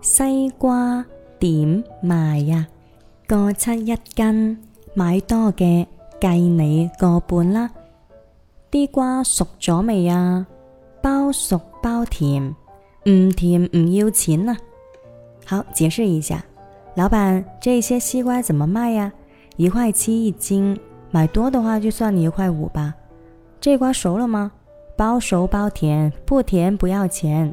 西瓜點賣呀？個七一斤，買多嘅計你個半啦。啲瓜熟咗未啊？包熟包甜，唔甜唔要錢啊！好，解釋一下，老闆，這些西瓜怎麼賣呀？一塊七一斤，買多的話就算你一塊五吧。這瓜熟了嗎？包熟包甜，不甜不要錢。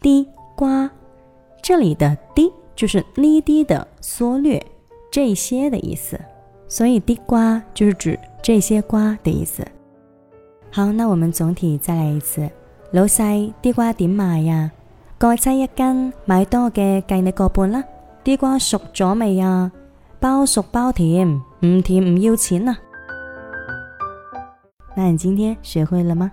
啲瓜，這裏的“啲”就是“呢啲”的縮略，這些的意思，所以“啲瓜”就是指這些瓜的意思。好，那我們總體再來一次。老細，啲瓜點賣呀？個七一斤，買多嘅計你個半啦。啲瓜熟咗未呀？包熟包甜，唔甜唔要錢啊！那你今天學會了嗎？